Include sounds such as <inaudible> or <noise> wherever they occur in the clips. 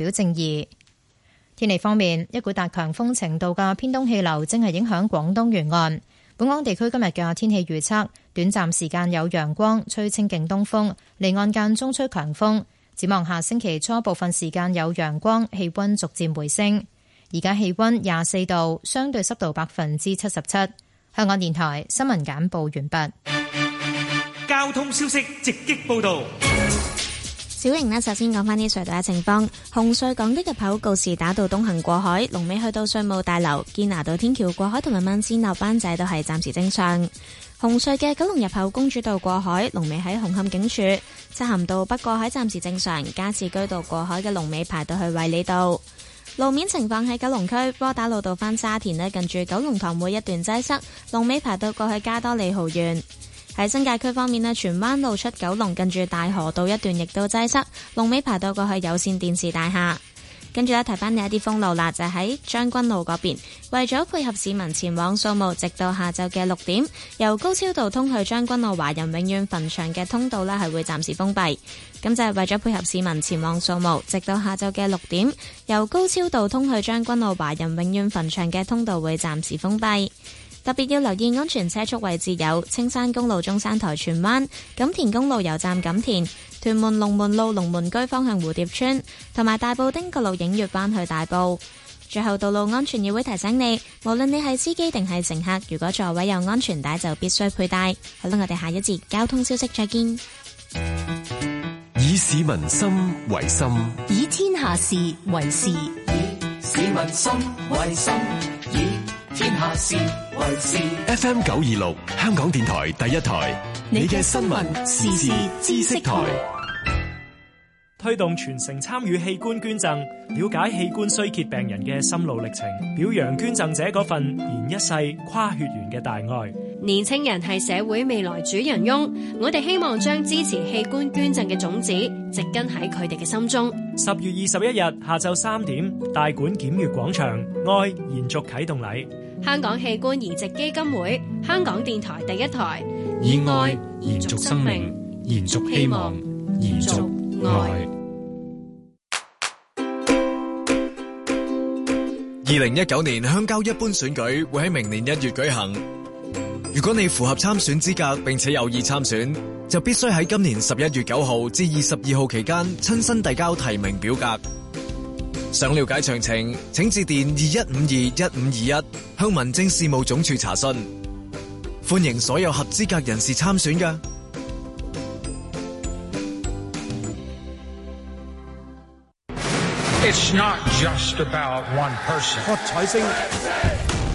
表正義。天氣方面，一股達強風程度嘅偏東氣流正係影響廣東沿岸。本港地區今日嘅天氣預測，短暫時間有陽光，吹清勁東風，離岸間中吹強風。展望下星期初，部分時間有陽光，氣溫逐漸回升。而家氣溫廿四度，相對濕度百分之七十七。香港電台新聞簡報完畢。交通消息直擊報道。小瑩呢，首先講返啲隧道嘅情況。紅隧港島入口告士打道東行過海，龍尾去到稅務大樓；堅拿道天橋過海同埋慢線落班仔都係暫時正常。紅隧嘅九龍入口公主道過海，龍尾喺紅磡警署；漆咸道北過海暫時正常；加士居道過海嘅龍尾排到去衛理道。路面情況喺九龍區，波打路道返沙田咧，近住九龍塘每一段擠塞，龍尾排到過去加多利豪園。喺新界區方面咧，荃灣路出九龍近住大河道一段亦都擠塞，龍尾排到過去有綫電視大廈。跟住咧，睇翻你一啲公路啦，就喺、是、將軍澳嗰邊。為咗配合市民前往掃墓，直到下晝嘅六點，由高超道通去將軍澳華人永遠墳場嘅通道呢係會暫時封閉。咁就係為咗配合市民前往掃墓，直到下晝嘅六點，由高超道通去將軍澳華人永遠墳場嘅通道會暫時封閉。特別要留意安全車速位置有青山公路中山台、荃灣錦田公路油站、錦田屯門龍門路龍門居方向蝴蝶村同埋大埔汀角路影月灣去大埔。最後道路安全議會提醒你，無論你係司機定係乘客，如果座位有安全帶就必須佩戴。好啦，我哋下一節交通消息再見。以市民心為心，以天下事為事，以市民心為心。f M 九二六香港電台第一台，你嘅新聞時事知識台，推動全城參與器官捐贈，了解器官衰竭病人嘅心路歷程，表揚捐贈者嗰份連一世跨血緣嘅大愛。年輕人係社會未來主人翁，我哋希望將支持器官捐贈嘅種子植根喺佢哋嘅心中。十月二十一日下晝三點，大館檢閱廣場愛延續啟動禮。香港器官移植基金會、香港電台第一台，以愛延續,延續生命，延續希望，延續愛。二零一九年鄉郊一般選舉會喺明年一月舉行。如果你符合參選資格並且有意參選，就必須喺今年十一月九號至二十二號期間親身遞交提名表格。想了解詳情，請致電二一五二一五二一向民政事務總署查詢。歡迎所有合資格人士參選噶。It's not just about one person、哦，彩星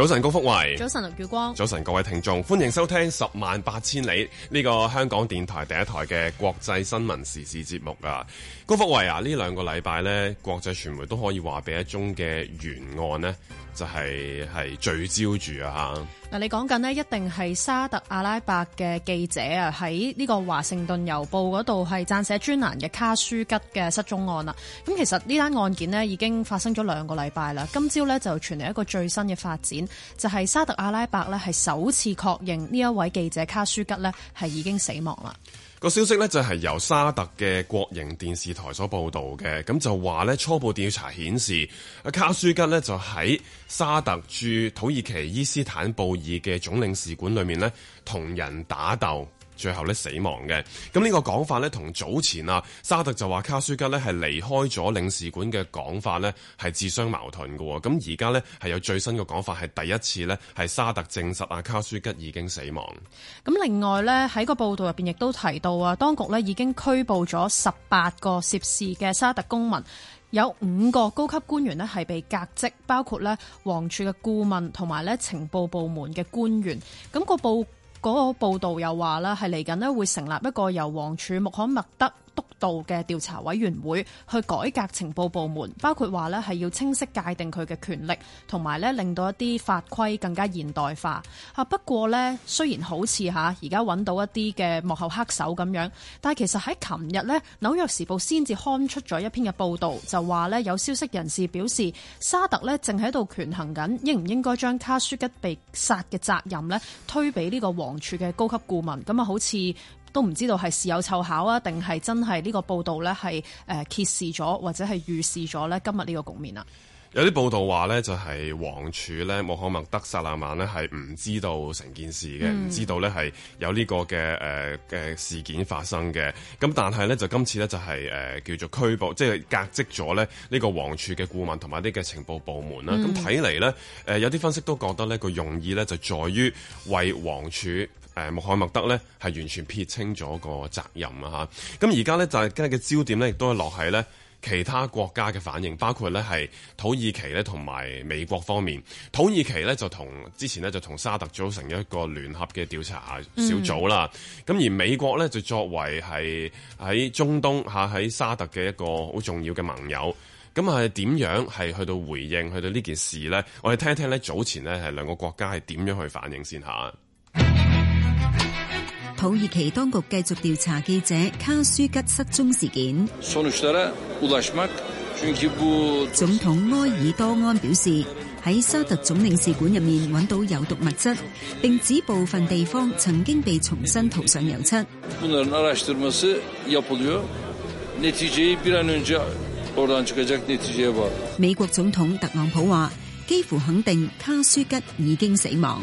早晨，高福慧。早晨，劉耀光。早晨，各位聽眾，歡迎收聽《十萬八千里》呢個香港電台第一台嘅國際新聞時事節目啊！高福慧啊，呢兩個禮拜咧，國際傳媒都可以話俾一宗嘅懸案咧。就係、是、係聚焦住啊！嗱，你講緊呢一定係沙特阿拉伯嘅記者啊，喺呢個華盛頓郵報嗰度係撰寫專欄嘅卡舒吉嘅失蹤案啦。咁其實呢單案件呢已經發生咗兩個禮拜啦。今朝呢就傳嚟一個最新嘅發展，就係、是、沙特阿拉伯呢係首次確認呢一位記者卡舒吉呢係已經死亡啦。個消息呢就係由沙特嘅國營電視台所報道嘅，咁就話呢初步調查顯示，卡舒吉呢就喺沙特駐土耳其伊斯坦布爾嘅總領事館裏面呢同人打鬥。最後咧死亡嘅，咁、這、呢個講法呢同早前啊沙特就話卡舒吉呢係離開咗領事館嘅講法呢係自相矛盾嘅喎，咁而家呢係有最新嘅講法係第一次呢係沙特證實啊卡舒吉已經死亡。咁另外呢喺個報道入面亦都提到啊，當局呢已經拘捕咗十八個涉事嘅沙特公民，有五個高級官員呢係被革職，包括呢王儲嘅顧問同埋呢情報部門嘅官員。咁個報嗰個報道又話啦，係嚟緊呢會成立一個由王儲穆罕默德度嘅調查委員會去改革情報部門，包括話呢係要清晰界定佢嘅權力，同埋呢令到一啲法規更加現代化。啊，不過呢，雖然好似嚇而家揾到一啲嘅幕後黑手咁樣，但係其實喺琴日呢，《紐約時報》先至刊出咗一篇嘅報導，就話呢有消息人士表示，沙特呢正喺度權衡緊應唔應該將卡舒吉被殺嘅責任呢推俾呢個王儲嘅高級顧問，咁啊好似。都唔知道係事有湊巧啊，定係真係呢個報道呢係誒揭示咗，或者係預示咗呢今日呢個局面啦。有啲報道話呢，就係王儲呢，穆罕默德薩拉曼呢係唔知道成件事嘅，唔、嗯、知道呢係有呢個嘅誒嘅事件發生嘅。咁但係呢，就今次呢，就係誒叫做拘捕，即係革職咗呢呢個王儲嘅顧問同埋呢個情報部門啦。咁睇嚟呢，誒有啲分析都覺得呢個用意呢，就在於為王儲。誒穆罕默德咧係完全撇清咗個責任啊！嚇咁而家咧，大家嘅焦點咧，亦都係落喺咧其他國家嘅反應，包括咧係土耳其咧同埋美國方面。土耳其咧就同之前咧就同沙特組成咗一個聯合嘅調查小組啦。咁、嗯、而美國咧就作為係喺中東喺沙特嘅一個好重要嘅盟友，咁係點樣係去到回應去到呢件事咧？我哋聽一聽咧早前咧係兩個國家係點樣去反應先嚇。土耳其當局繼續調查記者卡舒吉失蹤事件。總統埃爾多安表示，喺沙特總領事館入面揾到有毒物質，並指部分地方曾經被重新塗上油漆。美國總統特朗普話，幾乎肯定卡舒吉已經死亡。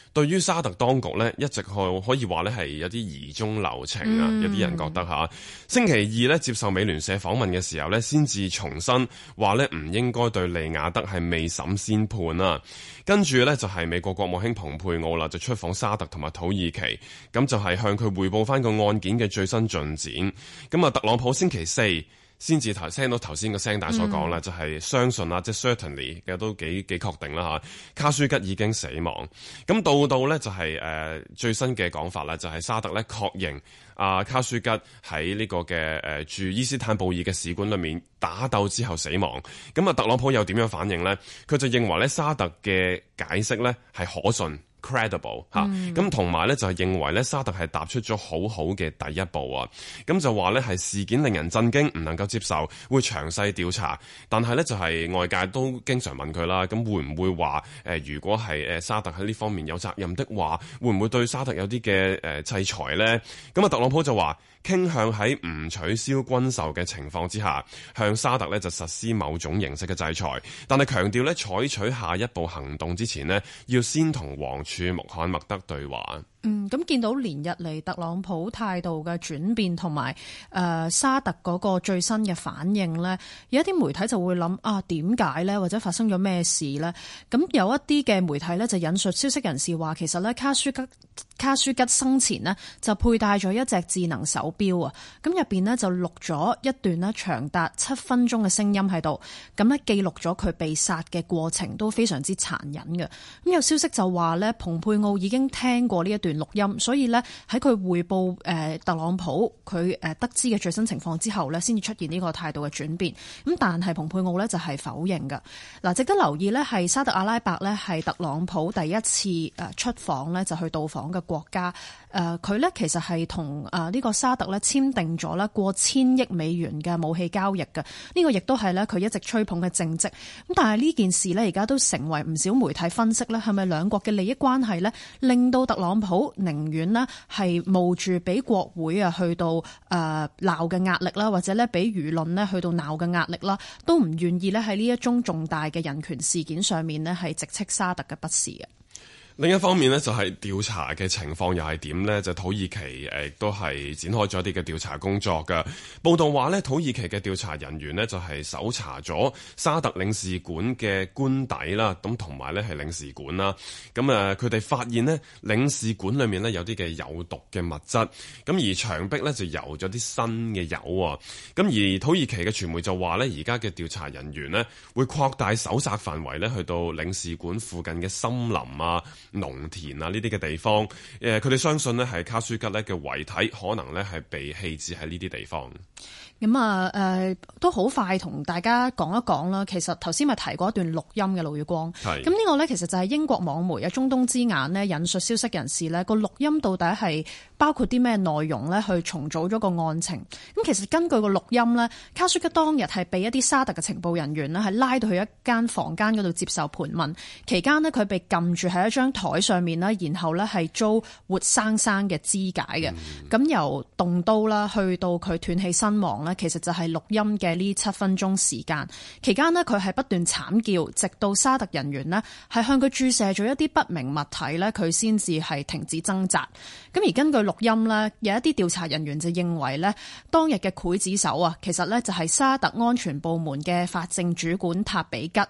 對於沙特當局呢，一直可可以話呢，係有啲疑中留情啊，有啲人覺得下星期二呢，接受美聯社訪問嘅時候呢，先至重申話呢，唔應該對利雅德係未審先判啦，跟住呢，就係、是、美國國務卿蓬佩奧啦，就出訪沙特同埋土耳其，咁就係向佢匯報翻個案件嘅最新進展。咁啊，特朗普星期四。先至頭聽到頭先個聲帶所講啦，就係相信啦，嗯、即係 certainly 都幾幾確定啦嚇。卡舒吉已經死亡，咁到到咧就係、是、誒、呃、最新嘅講法啦，就係沙特咧確認阿、呃、卡舒吉喺呢、這個嘅、呃、駐伊斯坦布爾嘅使館裏面打鬥之後死亡。咁啊，特朗普又點樣反應咧？佢就認為咧沙特嘅解釋咧係可信。credible 嚇，咁同埋咧就係認為咧沙特係踏出咗好好嘅第一步啊，咁、啊、就話咧係事件令人震驚，唔能夠接受，會詳細調查。但係咧就係、是、外界都經常問佢啦，咁、啊、會唔會話、呃、如果係沙特喺呢方面有責任的話，會唔會對沙特有啲嘅、呃、制裁咧？咁啊特朗普就話，傾向喺唔取消軍售嘅情況之下，向沙特呢就實施某種形式嘅制裁，但係強調呢採取下一步行動之前呢，要先同王儲穆罕默德對話。嗯，咁見到連日嚟特朗普態度嘅轉變，同埋誒沙特嗰個最新嘅反應呢，有一啲媒體就會諗啊點解呢？或者發生咗咩事呢？咁有一啲嘅媒體呢就引述消息人士話，其實呢，卡舒吉卡舒吉生前呢就佩戴咗一隻智能手錶啊，咁入邊呢就錄咗一段呢長達七分鐘嘅聲音喺度，咁呢記錄咗佢被殺嘅過程都非常之殘忍嘅。咁有消息就話呢，蓬佩奧已經聽過呢一段。錄音，所以呢，喺佢匯報誒，特朗普佢誒得知嘅最新情況之後呢，先至出現呢個態度嘅轉變。咁但係蓬佩奧呢，就係否認嘅。嗱，值得留意呢，係沙特阿拉伯呢，係特朗普第一次誒出訪呢，就去到訪嘅國家。誒佢呢其實係同誒呢個沙特呢簽訂咗咧過千億美元嘅武器交易嘅，呢、這個亦都係呢佢一直吹捧嘅政績。咁但係呢件事呢，而家都成為唔少媒體分析呢係咪兩國嘅利益關係呢，令到特朗普寧願呢係冒住俾國會啊去到誒鬧嘅壓力啦，或者呢俾輿論去到鬧嘅壓力啦，都唔願意呢喺呢一宗重大嘅人權事件上面呢，係直斥沙特嘅不是嘅。另一方面呢就係調查嘅情況又係點呢？就土耳其誒都係展開咗一啲嘅調查工作㗎。報道話呢土耳其嘅調查人員呢，就係搜查咗沙特領事館嘅官邸啦，咁同埋呢係領事館啦。咁佢哋發現呢，領事館裏面呢有啲嘅有毒嘅物質，咁而牆壁呢就油咗啲新嘅油喎。咁而土耳其嘅傳媒就話呢而家嘅調查人員呢，會擴大搜查範圍呢去到領事館附近嘅森林啊。農田啊，呢啲嘅地方，誒，佢哋相信咧，係卡舒吉咧嘅遺體可能咧係被棄置喺呢啲地方。咁、嗯、啊，誒、呃，都好快同大家講一講啦。其實頭先咪提過一段錄音嘅路月光。係。咁呢個呢，其實就係英國網媒《啊中東之眼》呢引述消息人士呢個錄音到底係包括啲咩內容呢？去重組咗個案情。咁其實根據個錄音呢，卡舒吉當日係被一啲沙特嘅情報人員呢，係拉到去一間房間嗰度接受盤問，期間呢，佢被撳住喺一張台上面啦，然後呢，係遭活生生嘅肢解嘅。咁、嗯嗯、由動刀啦，去到佢斷氣身亡呢，其實就係錄音嘅呢七分鐘時間期間呢，佢係不斷慘叫，直到沙特人員呢係向佢注射咗一啲不明物體呢，佢先至係停止掙扎。咁而根據錄音呢，有一啲調查人員就認為呢，當日嘅劊子手啊，其實呢就係沙特安全部門嘅法政主管塔比吉。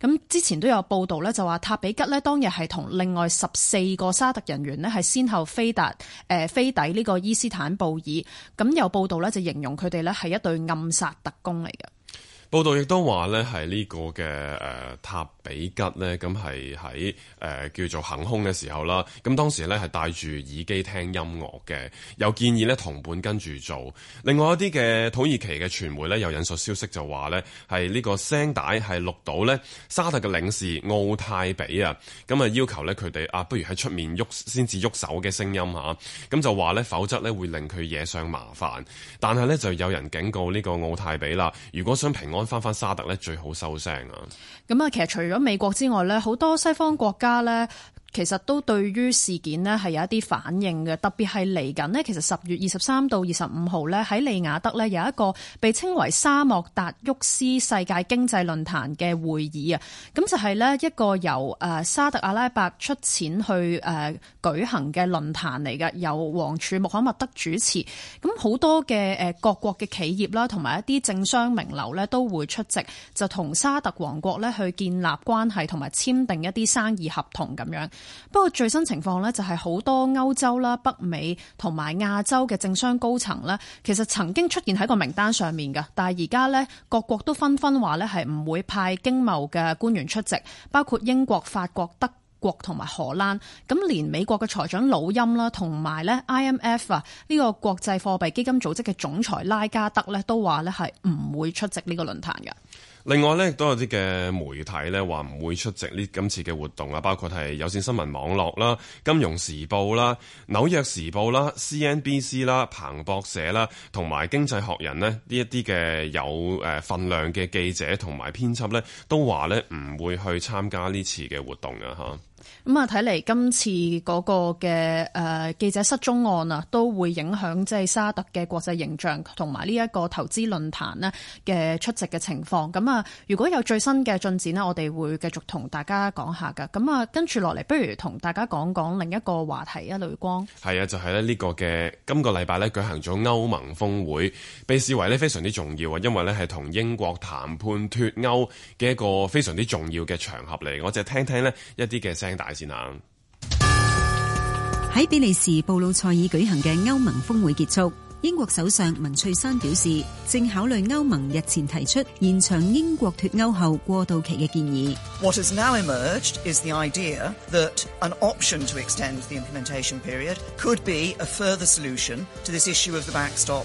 咁之前都有報道呢，就話塔比吉呢當日係同另外十四個沙特人員呢係先後飛達誒、呃、飛抵呢個伊斯坦布爾。咁有報道呢就形容佢。佢哋咧係一對暗殺特工嚟嘅。報道亦都話咧，係呢、這個嘅誒、呃、塔比吉呢，咁係喺誒叫做行兇嘅時候啦。咁當時呢，係戴住耳機聽音樂嘅，又建議呢同伴跟住做。另外一啲嘅土耳其嘅傳媒呢，有引述消息就話呢，係呢個聲帶係錄到呢沙特嘅領事奧泰比啊，咁啊要求呢，佢哋啊，不如喺出面喐先至喐手嘅聲音下，咁就話呢，否則呢會令佢惹上麻煩。但係呢，就有人警告呢個奧泰比啦，如果想平安。翻翻沙特咧，最好收聲啊！咁啊，其實除咗美國之外咧，好多西方國家咧，其實都對於事件呢係有一啲反應嘅，特別係嚟緊呢。其實十月二十三到二十五號呢，喺利雅德呢有一個被稱為沙漠達沃斯世界經濟論壇嘅會議啊。咁就係、是、呢一個由沙特阿拉伯出錢去、呃、舉行嘅論壇嚟嘅，由王儲穆罕默德主持。咁好多嘅各國嘅企業啦，同埋一啲政商名流呢，都會出席，就同沙特王國呢去建立關係同埋簽訂一啲生意合同咁樣。不過最新情況呢，就係好多歐洲啦、北美同埋亞洲嘅政商高層呢，其實曾經出現喺個名單上面㗎。但係而家呢，各國都紛紛話呢，係唔會派經貿嘅官員出席，包括英國、法國、德國同埋荷蘭。咁連美國嘅財長努欽啦，同埋咧 IMF 啊呢個國際貨幣基金組織嘅總裁拉加德呢，都話呢，係唔會出席呢個論壇嘅。另外咧，亦都有啲嘅媒體咧話唔會出席呢今次嘅活動啊，包括係有線新聞網絡啦、金融時報啦、紐約時報啦、CNBC 啦、彭博社啦，同埋經濟學人呢呢一啲嘅有誒份量嘅記者同埋編輯咧，都話咧唔會去參加呢次嘅活動嘅嚇。咁啊，睇嚟，今次嗰個嘅誒記者失蹤案啊，都會影響即係沙特嘅國際形象同埋呢一個投資論壇咧嘅出席嘅情況。咁啊，如果有最新嘅進展啦，我哋會繼續同大家講下噶。咁啊，跟住落嚟，不如同大家講講另一個話題啊，雷光。係啊，就係咧呢個嘅今個禮拜咧舉行咗歐盟峰會，被視為咧非常之重要啊，因為咧係同英國談判脱歐嘅一個非常之重要嘅場合嚟，我就聽聽咧一啲嘅聲。大喺比利時布魯塞爾舉行嘅歐盟峰會結束，英國首相文翠珊表示，正考慮歐盟日前提出延長英國脱歐後過渡期嘅建議。What has now emerged is the idea that an option to extend the implementation period could be a further solution to this issue of the backstop.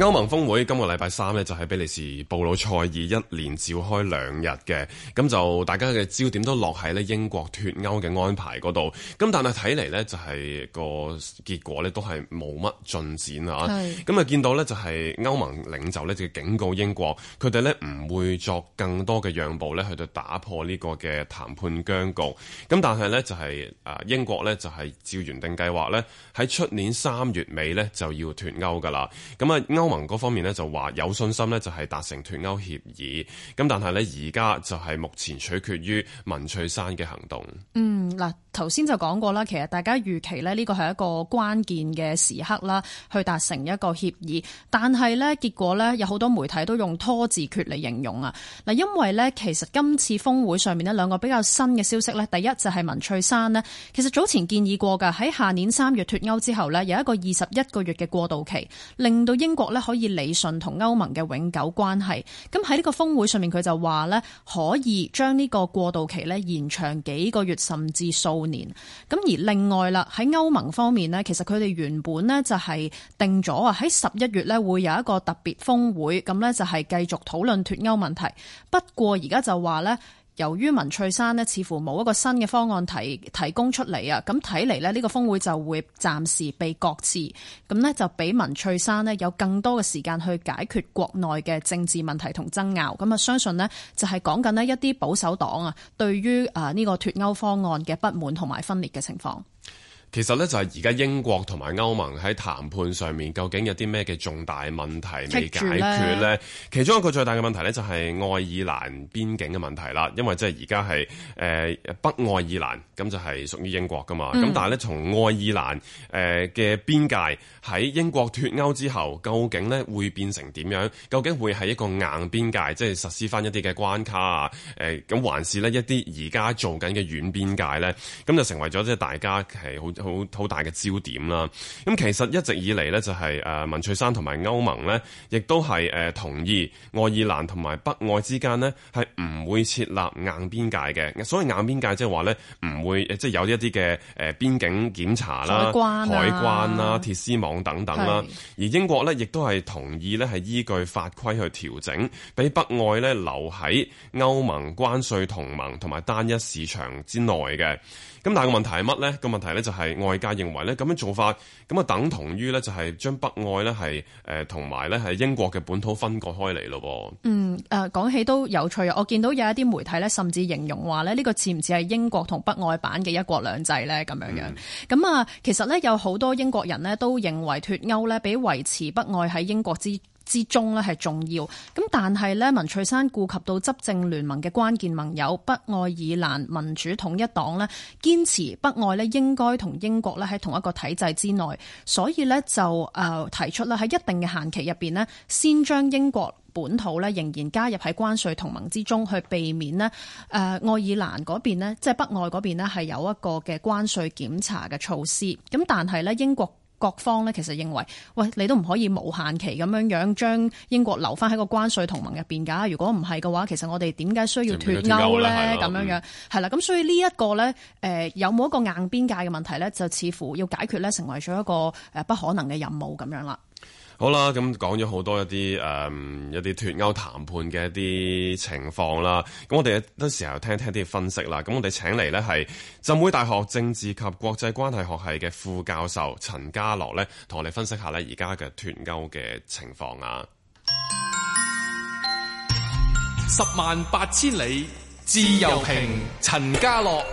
歐盟峰會今個禮拜三呢，就喺比利時布魯塞爾一連召開兩日嘅，咁就大家嘅焦點都落喺呢英國脫歐嘅安排嗰度，咁但係睇嚟呢，就係個結果呢，都係冇乜進展啊，咁啊見到呢，就係歐盟領袖呢，就警告英國，佢哋呢唔會作更多嘅讓步呢，去到打破呢個嘅談判僵局，咁但係呢，就係啊英國呢，就係照原定計劃呢，喺出年三月尾呢，就要脫歐噶啦，咁啊歐。文嗰方面呢，就話有信心呢，就係達成脫歐協議，咁但係呢，而家就係目前取決於文翠珊嘅行動。嗯，嗱頭先就講過啦，其實大家預期呢，呢個係一個關鍵嘅時刻啦，去達成一個協議，但係呢，結果呢，有好多媒體都用拖字訣嚟形容啊。嗱，因為呢，其實今次峰會上面呢，兩個比較新嘅消息呢，第一就係文翠珊呢，其實早前建議過噶，喺下年三月脫歐之後呢，有一個二十一個月嘅過渡期，令到英國呢。可以理順同歐盟嘅永久關係，咁喺呢個峰會上面，佢就話咧可以將呢個過渡期咧延長幾個月甚至數年，咁而另外啦，喺歐盟方面咧，其實佢哋原本咧就係定咗啊，喺十一月咧會有一個特別峰會，咁咧就係、是、繼續討論脫歐問題。不過而家就話咧。由於文翠山呢似乎冇一個新嘅方案提提供出嚟啊，咁睇嚟呢呢個峰會就會暫時被擱置，咁呢就俾文翠山呢有更多嘅時間去解決國內嘅政治問題同爭拗。咁啊相信呢就係講緊呢一啲保守黨啊對於啊呢個脫歐方案嘅不滿同埋分裂嘅情況。其實咧就係而家英國同埋歐盟喺談判上面究竟有啲咩嘅重大問題未解決咧？其中一個最大嘅問題咧就係愛爾蘭邊境嘅問題啦，因為即係而家係誒北愛爾蘭咁就係、是、屬於英國噶嘛，咁但係咧從愛爾蘭嘅邊界。喺英國脫歐之後，究竟咧會變成點樣？究竟會係一個硬邊界，即係實施翻一啲嘅關卡啊？誒、呃，咁還是呢一啲而家做緊嘅軟邊界咧？咁就成為咗即係大家係好好好大嘅焦點啦。咁其實一直以嚟咧就係、是、誒、呃、文翠山同埋歐盟咧，亦都係誒、呃、同意愛爾蘭同埋北愛之間呢，係唔會設立硬邊界嘅。所謂硬邊界即係話咧唔會即係、就是、有一啲嘅誒邊境檢查啦、海關啦、啊啊、鐵絲網。等等啦，而英國呢亦都係同意呢係依據法規去調整，俾北愛呢留喺歐盟關稅同盟同埋單一市場之內嘅。咁但係個問題係乜呢？個問題呢就係外界認為呢咁樣做法，咁啊等同於呢就係將北愛呢係誒同埋呢係英國嘅本土分割開嚟咯喎，嗯，誒、啊、講起都有趣啊！我見到有一啲媒體呢，甚至形容話呢呢個似唔似係英國同北愛版嘅一國兩制呢咁樣樣？咁啊，其實呢有好多英國人呢，都認為脫歐呢俾維持北愛喺英國之。之中呢係重要，咁但係呢，文翠山顧及到執政聯盟嘅關鍵盟友北愛爾蘭民主統一黨呢堅持北愛呢應該同英國呢喺同一個體制之內，所以呢，就誒提出喇喺一定嘅限期入邊，呢先將英國本土呢仍然加入喺關稅同盟之中，去避免呢誒愛爾蘭嗰邊呢即係北愛嗰邊呢係有一個嘅關稅檢查嘅措施。咁但係呢，英國。各方咧其實認為，喂，你都唔可以無限期咁樣樣將英國留翻喺個關稅同盟入邊㗎。如果唔係嘅話，其實我哋點解需要脱歐咧？咁樣樣係啦。咁、嗯、所以呢、這、一個咧，誒、呃、有冇一個硬邊界嘅問題咧，就似乎要解決咧，成為咗一個不可能嘅任務咁樣啦。好啦，咁講咗好多一啲誒、嗯、一啲脱歐談判嘅一啲情況啦，咁我哋一陣時候聽聽啲分析啦，咁我哋請嚟呢係浸會大學政治及國際關係學系嘅副教授陳家樂咧，同我哋分析下呢而家嘅脱歐嘅情況啊。十萬八千里自由，自由平，陳家樂。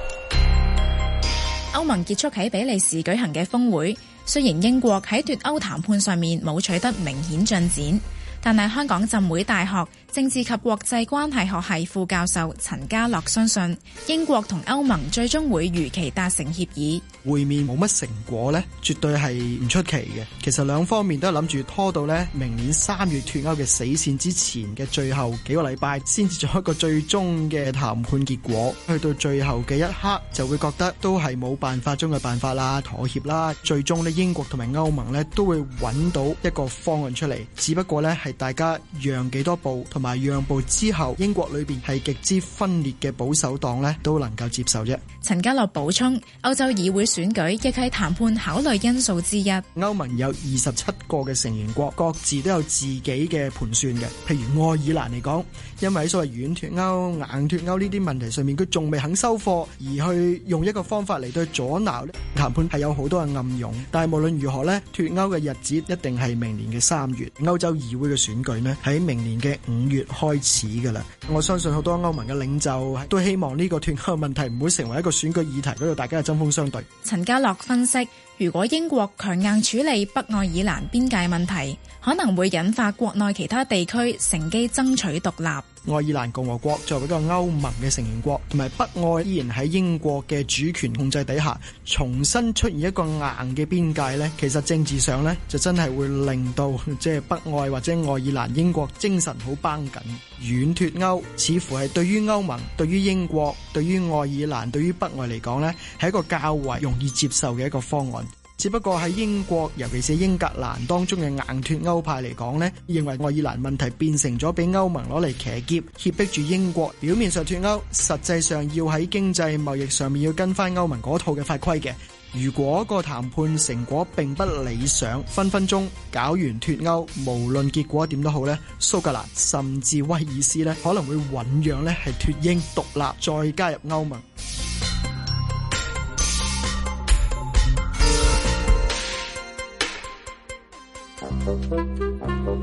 歐盟結束喺比利時舉行嘅峰會。雖然英國喺脱歐談判上面冇取得明顯進展，但係香港浸會大學。政治及國際關係學系副教授陳家樂相信，信，英國同歐盟最終會如期達成協議。會面冇乜成果呢，絕對係唔出奇嘅。其實兩方面都諗住拖到呢，明年三月脱歐嘅死線之前嘅最後幾個禮拜，先至做一個最終嘅談判結果。去到最後嘅一刻，就會覺得都係冇辦法中嘅辦法啦，妥協啦。最終呢，英國同埋歐盟呢都會揾到一個方案出嚟，只不過咧係大家讓幾多步，同埋。啊！讓步之後，英國裏邊係極之分裂嘅保守黨呢，都能夠接受啫。陳家洛補充：歐洲議會選舉亦係談判考慮因素之一。歐盟有二十七個嘅成員國，各自都有自己嘅盤算嘅。譬如愛爾蘭嚟講，因為所謂軟脫歐、硬脫歐呢啲問題上面，佢仲未肯收貨，而去用一個方法嚟到阻撓談判，係有好多嘅暗湧。但係無論如何咧，脫歐嘅日子一定係明年嘅三月。歐洲議會嘅選舉呢，喺明年嘅五月開始噶啦，我相信好多歐盟嘅領袖都希望呢個脱歐問題唔會成為一個選舉議題，嗰度大家係針鋒相對。陳家洛分析，如果英國強硬處理北愛爾蘭邊界問題，可能會引發國內其他地區乘機爭取獨立。愛爾蘭共和國作為一個歐盟嘅成員國，同埋北愛依然喺英國嘅主權控制底下，重新出現一個硬嘅邊界呢，其實政治上呢，就真係會令到即係北愛或者愛爾蘭英國精神好繃緊。軟脫歐似乎係對於歐盟、對於英國、對於愛爾蘭、對於北愛嚟講呢，係一個較為容易接受嘅一個方案。只不過喺英國，尤其是英格蘭當中嘅硬脫歐派嚟講咧，認為愛爾蘭問題變成咗俾歐盟攞嚟騎劫，脅迫住英國。表面上脫歐，實際上要喺經濟貿易上面要跟翻歐盟嗰套嘅法規嘅。如果個談判成果並不理想，分分鐘搞完脫歐，無論結果點都好呢，蘇格蘭甚至威爾斯咧，可能會醞釀咧係脫英獨立，再加入歐盟。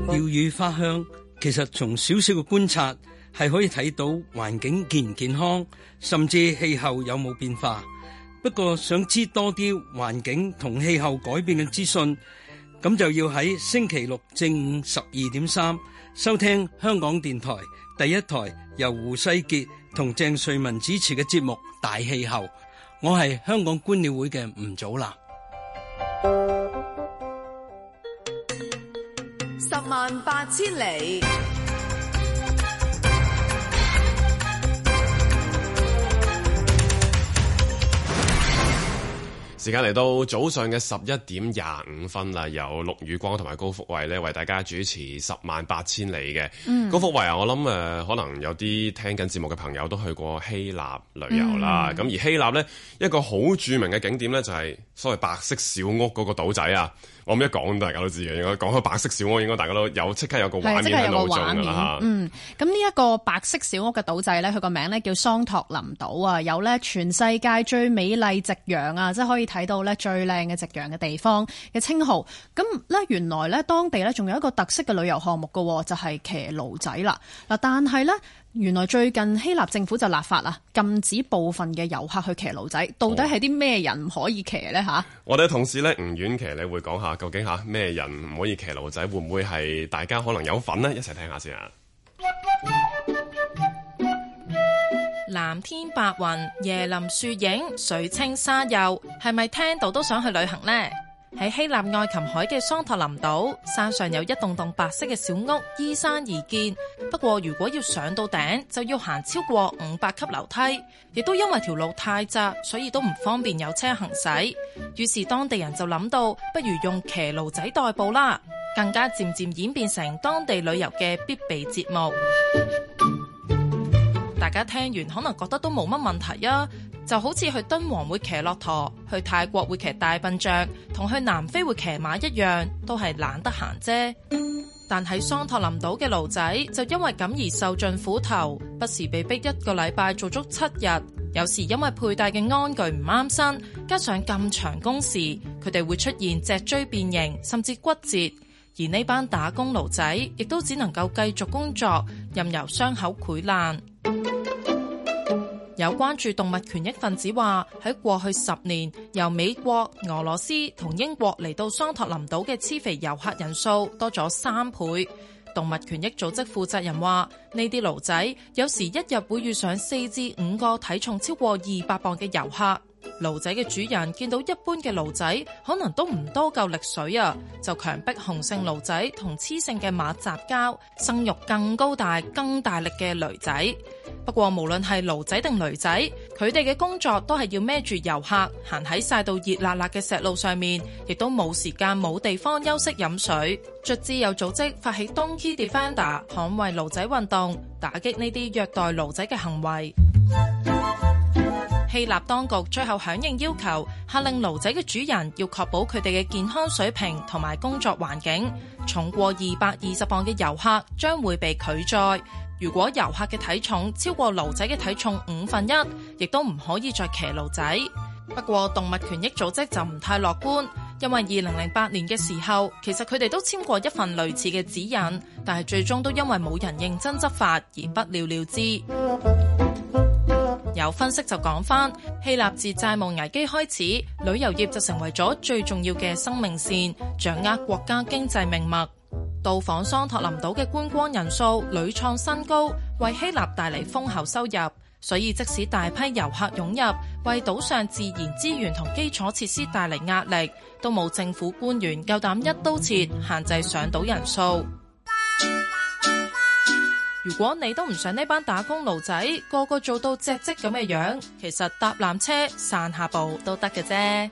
鳥語花香，其實從小小嘅觀察係可以睇到環境健唔健康，甚至氣候有冇變化。不過想知多啲環境同氣候改變嘅資訊，咁就要喺星期六正午十二點三收聽香港電台第一台由胡世杰同鄭瑞文主持嘅節目《大氣候》。我係香港觀鳥會嘅吳祖南。萬八千里，時間嚟到早上嘅十一點廿五分啦。由陸宇光同埋高福慧呢，為大家主持《十萬八千里》嘅、嗯。高福慧啊，我諗誒、呃，可能有啲聽緊節目嘅朋友都去過希臘旅遊啦。咁、嗯、而希臘呢，一個好著名嘅景點呢，就係所謂白色小屋嗰個島仔啊。我一講，大家都知嘅。講開白色小屋，應該大家都有即刻有個畫面喺腦中噶啦。吓，嗯，咁呢一個白色小屋嘅島仔咧，佢個名咧叫桑托林島啊，有咧全世界最美麗夕陽啊，即係可以睇到咧最靚嘅夕陽嘅地方嘅稱號。咁咧，原來咧當地咧仲有一個特色嘅旅遊項目喎，就係騎驢仔啦。嗱，但係咧。原來最近希臘政府就立法啦，禁止部分嘅遊客去騎驢仔。到底係啲咩人唔可以騎呢？吓、哦，我哋嘅同事咧吳婉琪，你會講下究竟吓咩人唔可以騎驢仔？會唔會係大家可能有份呢？一齊聽下先啊！藍天白雲，椰林樹影，水清沙幼，係咪聽到都想去旅行呢？喺希臘愛琴海嘅桑托林島，山上有一棟棟白色嘅小屋，依山而建。不過如果要上到頂，就要行超過五百級樓梯，亦都因為條路太窄，所以都唔方便有車行駛。於是當地人就諗到，不如用騎驢仔代步啦，更加漸漸演變成當地旅遊嘅必備節目。大家聽完可能覺得都冇乜問題啊，就好似去敦煌會騎駱駝，去泰國會騎大笨象，同去南非會騎馬一樣，都係懶得行啫。但喺桑托林島嘅驢仔就因為咁而受盡苦頭，不時被逼一個禮拜做足七日，有時因為佩戴嘅鞍具唔啱身，加上咁長工時，佢哋會出現脊椎變形，甚至骨折。而呢班打工驢仔亦都只能夠繼續工作，任由傷口潰爛。有關注動物權益分子話，喺過去十年，由美國、俄羅斯同英國嚟到桑托林島嘅痴肥遊客人數多咗三倍。動物權益組織負責人話，呢啲驢仔有時一日會遇上四至五個體重超過二百磅嘅遊客。驢仔嘅主人見到一般嘅驢仔可能都唔多夠力水啊，就強迫雄性驢仔同雌性嘅馬雜交，生育更高大、更大力嘅驢仔。不過無論係驢仔定驢仔，佢哋嘅工作都係要孭住遊客行喺曬到熱辣辣嘅石路上面，亦都冇時間冇地方休息飲水。卒之，有組織發起 Donkey Defender，捍衛驢仔運動，打擊呢啲虐待驢仔嘅行為。希臘當局最後響應要求，下令驢仔嘅主人要確保佢哋嘅健康水平同埋工作環境。重過二百二十磅嘅遊客將會被拒載。如果遊客嘅體重超過驢仔嘅體重五分一，亦都唔可以再騎驢仔。不過動物權益組織就唔太樂觀，因為二零零八年嘅時候，其實佢哋都簽過一份類似嘅指引，但係最終都因為冇人認真執法而不了了之。有分析就講返，希臘自債務危機開始，旅遊業就成為咗最重要嘅生命線，掌握國家經濟命脈。到訪桑托林島嘅觀光人數屢創新高，為希臘帶嚟豐厚收入。所以即使大批遊客湧入，為島上自然資源同基礎設施帶嚟壓力，都冇政府官員夠膽一刀切限制上島人數。如果你都唔想呢班打工奴仔個個做到隻積咁嘅樣，其實搭纜車散下步都得嘅啫。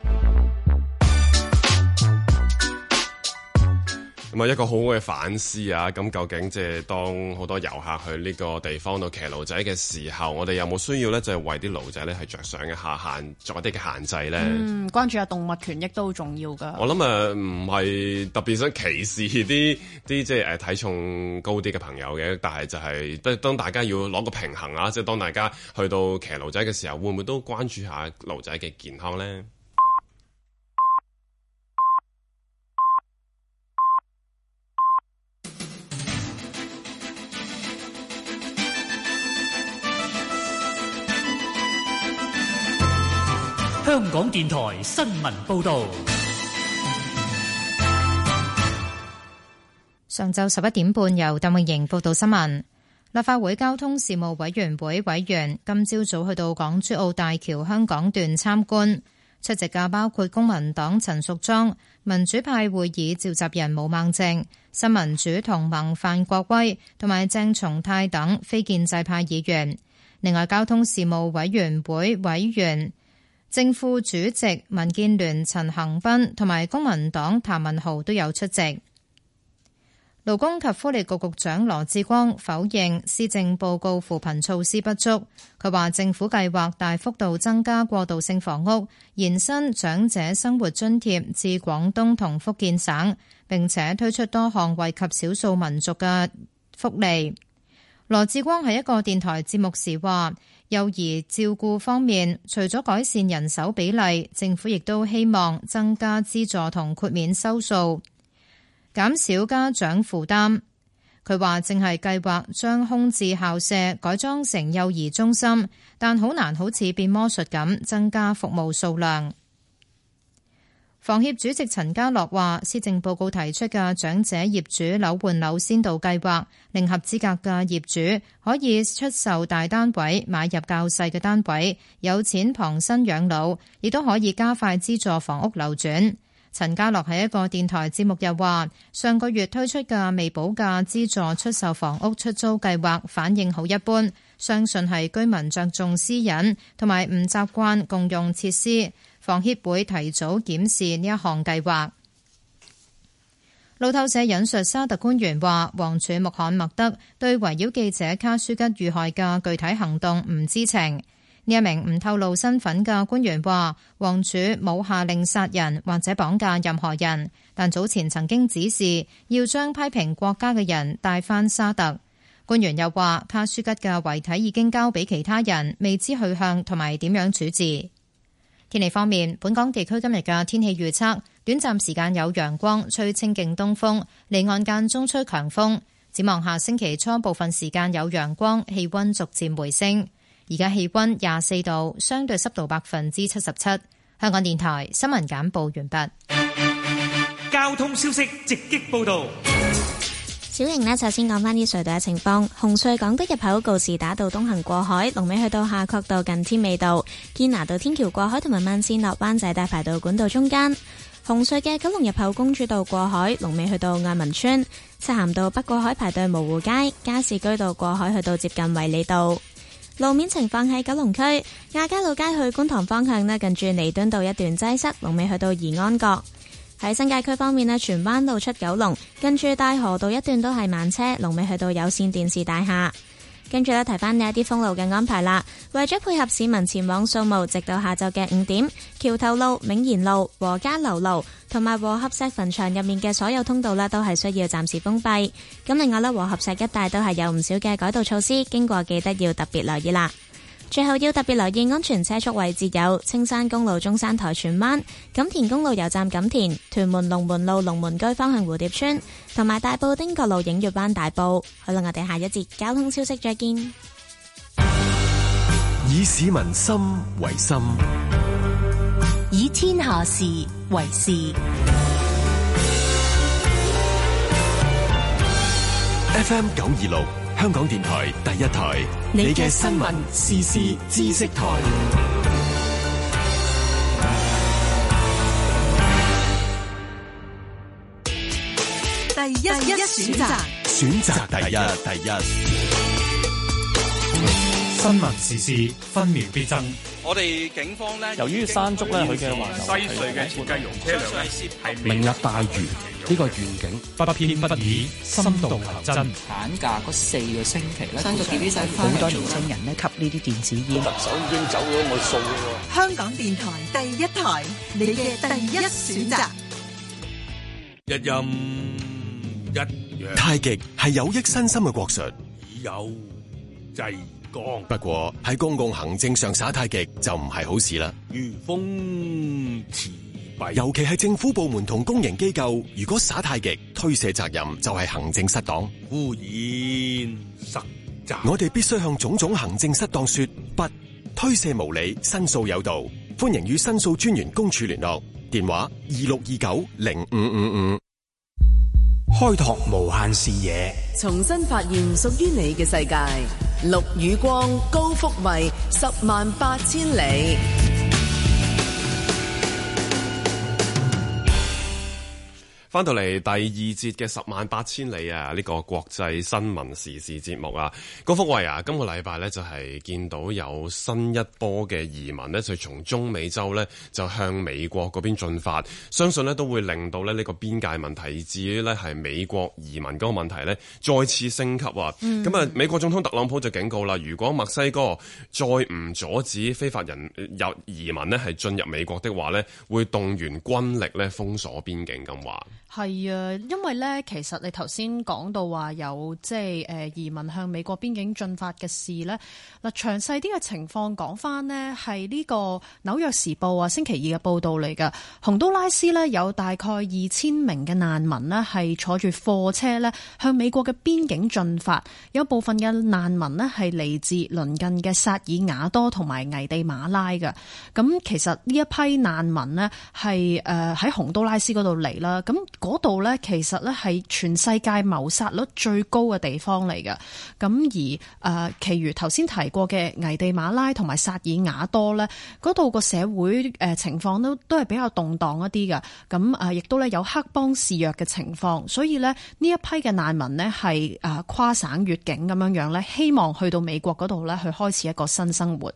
咁啊，一個好好嘅反思啊！咁究竟即係當好多遊客去呢個地方度騎驢仔嘅時候，我哋有冇需要咧，就係為啲驢仔咧係着想嘅下限，做一啲嘅限制咧？嗯，關注下動物權益都好重要噶。我諗啊，唔係特別想歧視啲啲即係誒體重高啲嘅朋友嘅，但係就係當當大家要攞個平衡啊，即係當大家去到騎驢仔嘅時候，會唔會都關注下驢仔嘅健康咧？香港電台新聞報道：上晝十一點半，由鄧穎瑩報道新聞。立法會交通事務委員會委員今朝早去到港珠澳大橋香港段參觀，出席嘅包括公民黨陳淑莊、民主派會議召集人毛孟靜、新民主同盟范國威同埋鄭松泰等非建制派議員。另外，交通事務委員會委員。政副主席民建聯陳恒鑌同埋公民黨譚文豪都有出席。勞工及福利局局長羅致光否認施政報告扶貧措施不足，佢話政府計劃大幅度增加過渡性房屋，延伸長者生活津貼至廣東同福建省，並且推出多項惠及少數民族嘅福利。羅致光喺一個電台節目時話。幼兒照顧方面，除咗改善人手比例，政府亦都希望增加資助同豁免收數，減少家長負擔。佢話淨係計劃將空置校舍改裝成幼兒中心，但好難好似變魔術咁增加服務數量。房協主席陳家樂話：施政報告提出嘅長者業主樓換樓先導計劃，令合資格嘅業主可以出售大單位，買入較細嘅單位，有錢傍身養老，亦都可以加快資助房屋流轉。陳家樂喺一個電台節目又話：上個月推出嘅未保價資助出售房屋出租計劃，反應好一般，相信係居民着重私隱，同埋唔習慣共用設施。房協會提早檢視呢一項計劃。路透社引述沙特官員話，王儲穆罕默德對圍繞記者卡舒吉遇害嘅具體行動唔知情。呢一名唔透露身份嘅官員話，王儲冇下令殺人或者綁架任何人，但早前曾經指示要將批評國家嘅人帶返沙特。官員又話，卡舒吉嘅遺體已經交俾其他人，未知去向同埋點樣處置。天氣方面，本港地區今日嘅天氣預測，短暫時間有陽光，吹清勁東風，離岸間中吹強風。展望下星期初部分時間有陽光，氣溫逐漸回升。而家氣溫廿四度，相對濕度百分之七十七。香港電台新聞簡報完畢。交通消息直擊報道。小瑩呢，首先講返啲隧道嘅情況。紅隧港島入口告士打道東行過海，龍尾去到夏慤道近添美道；堅拿道天橋過海同埋慢線落灣仔大排道管道中間。紅隧嘅九龍入口公主道過海，龍尾去到愛民村；漆咸道北過海排隊蕪湖街，加士居道過海去到接近衛理道。路面情況喺九龍區亞皆老街去觀塘方向咧，近住彌敦道一段擠塞，龍尾去到宜安角。喺新界區方面咧，荃灣路出九龍，跟住大河道一段都係慢車，龍尾去到有線電視大廈。跟住呢，提翻一啲封路嘅安排啦。為咗配合市民前往掃墓，直到下晝嘅五點，橋頭路、銘賢路、和家樓路同埋和合石墳場入面嘅所有通道呢，都係需要暫時封閉。咁另外呢，和合石一帶都係有唔少嘅改道措施，經過記得要特別留意啦。最後要特別留意安全車速位置有青山公路中山台荃灣、錦田公路油站錦田、屯門龍門路龍門居方向蝴蝶村，同埋大埔汀角路映月灣大埔。好啦，我哋下一節交通消息再見。以市民心為心，以天下事為事。F M 九二六。 <music> FM926 香港電台第一台，你嘅新聞時事知識台，第一第一選擇，選擇第一第一，第一，第一新聞時事，分秒必爭。我哋警方呢，由於山竹咧，佢嘅西隧嘅設計用車輛，明日大余。呢個願景不偏不倚，心到行真。產假嗰四個星期咧，好多年輕人咧吸呢啲電子煙，特首已經走咗我數。香港電台第一台，你嘅第一選擇。一陰一陽，太極係有益身心嘅國術。以柔制剛，不過喺公共行政上耍太極就唔係好事啦。如風馳。尤其係政府部門同公營機構，如果耍太極推卸責任，就係行政失當、污染、失責。我哋必須向種種行政失當說不，推卸無理，申訴有道。歡迎與申訴專員公署聯絡，電話二六二九零五五五。開拓無限視野，重新發現屬於你嘅世界。陸宇光，高福慧，十萬八千里。翻到嚟第二節嘅十萬八千里啊！呢、這個國際新聞時事節目啊，高福威啊，今個禮拜呢，就係、是、見到有新一波嘅移民呢，就從中美洲呢，就向美國嗰邊進發，相信呢，都會令到呢、這個邊界問題至於呢係美國移民嗰個問題呢，再次升級啊。咁、嗯、啊，美國總統特朗普就警告啦，如果墨西哥再唔阻止非法人入移民呢，係進入美國的話呢，會動員軍力呢，封鎖邊境咁話。係啊，因為咧，其實你頭先講到話有即係誒移民向美國邊境進發嘅事呢，嗱，詳細啲嘅情況講翻呢係呢個紐約時報啊星期二嘅報道嚟㗎。洪都拉斯呢，有大概二千名嘅難民呢係坐住貨車呢向美國嘅邊境進發，有部分嘅難民呢，係嚟自鄰近嘅薩爾瓦多同埋危地馬拉嘅。咁其實呢一批難民呢，係誒喺洪都拉斯嗰度嚟啦，咁。嗰度呢，其實呢係全世界謀殺率最高嘅地方嚟嘅。咁而誒，其餘頭先提過嘅危地馬拉同埋薩爾瓦多呢，嗰度個社會誒情況都都係比較動蕩一啲嘅。咁亦都呢有黑幫肆虐嘅情況，所以呢，呢一批嘅難民呢係誒跨省越境咁樣樣，呢希望去到美國嗰度呢，去開始一個新生活。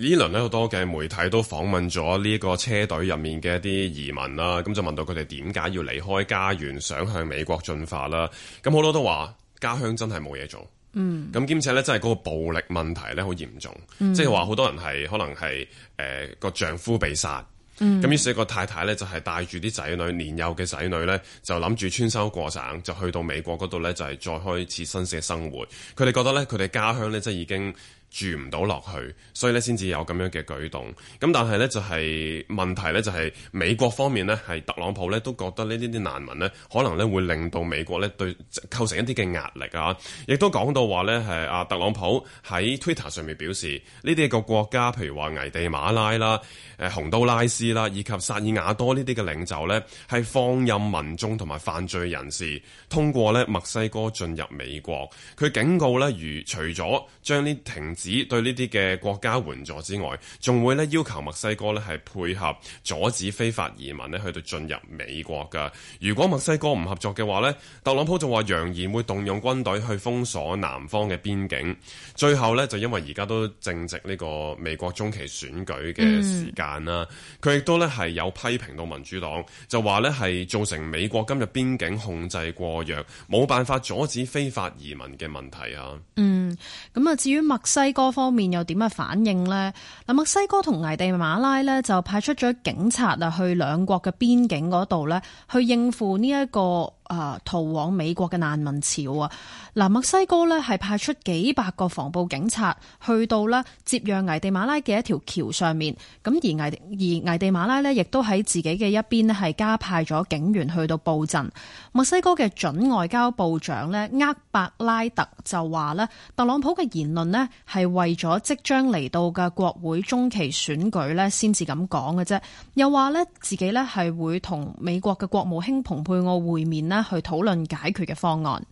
呢輪咧好多嘅媒體都訪問咗呢個車隊入面嘅一啲移民啦，咁就問到佢哋點解要離開家園，想向美國進化啦。咁好多都話家鄉真係冇嘢做，嗯。咁兼且咧，真係嗰個暴力問題咧好嚴重，即係話好多人係可能係誒個丈夫被殺，咁、嗯、於是個太太咧就係帶住啲仔女，年幼嘅仔女咧就諗住穿州過省，就去到美國嗰度咧就係再開始新鮮生活。佢哋覺得咧，佢哋家鄉咧即係已經住唔到落去，所以咧先至有咁樣嘅舉動，咁但係咧就係、是、問題咧就係、是、美國方面咧係特朗普咧都覺得呢啲啲難民咧可能咧會令到美國咧對構成一啲嘅壓力啊！亦都講到話咧係阿特朗普喺 Twitter 上面表示呢啲個國家譬如話危地馬拉啦、誒洪都拉斯啦以及薩爾瓦多呢啲嘅領袖咧係放任民眾同埋犯罪人士通過咧墨西哥進入美國。佢警告咧如除咗將呢停指對呢啲嘅國家援助之外，仲會咧要求墨西哥呢配合阻止非法移民呢去到進入美國嘅。如果墨西哥唔合作嘅話呢，特朗普仲話揚言會動用軍隊去封鎖南方嘅邊境。最後呢，就因為而家都正值呢個美國中期選舉嘅時間啦，佢亦都呢係有批評到民主黨，就話呢係造成美國今日邊境控制過弱，冇辦法阻止非法移民嘅問題啊。嗯，咁啊至於墨西。西哥方面又點樣反應咧？嗱，墨西哥同危地馬拉咧就派出咗警察啊，去兩國嘅邊境嗰度咧，去應付呢一個。啊！逃往美國嘅難民潮啊！嗱，墨西哥咧係派出幾百個防暴警察去到咧，接壤危地馬拉嘅一條橋上面。咁而危而危地馬拉咧亦都喺自己嘅一邊咧係加派咗警員去到布陣，墨西哥嘅準外交部長咧厄伯拉特就話咧，特朗普嘅言論咧係為咗即將嚟到嘅國會中期選舉咧，先至咁講嘅啫。又話咧自己咧係會同美國嘅國務卿蓬佩奧會面啦，去討論解決嘅方案。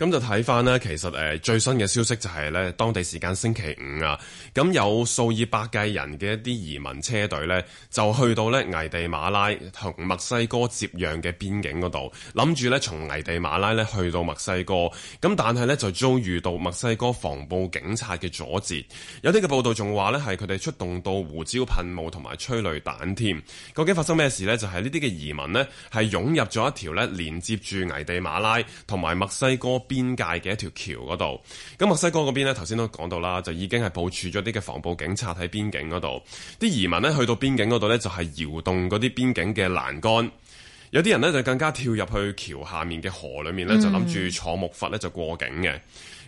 咁就睇翻呢，其實、呃、最新嘅消息就係呢，當地時間星期五啊，咁有數以百計人嘅一啲移民車隊呢，就去到呢危地馬拉同墨西哥接壤嘅邊境嗰度，諗住呢，從危地馬拉呢去到墨西哥，咁但係呢，就遭遇到墨西哥防暴警察嘅阻截，有啲嘅報道仲話呢，係佢哋出動到胡椒噴霧同埋催淚彈添。究竟發生咩事呢？就係呢啲嘅移民呢，係湧入咗一條呢連接住危地馬拉同埋墨西哥。邊界嘅一條橋嗰度，咁墨西哥嗰邊呢，頭先都講到啦，就已經係部署咗啲嘅防暴警察喺邊境嗰度，啲移民呢，去到邊境嗰度呢，就係搖動嗰啲邊境嘅欄杆，有啲人呢，就更加跳入去橋下面嘅河裏面呢，就諗住坐木筏呢就過境嘅。嗯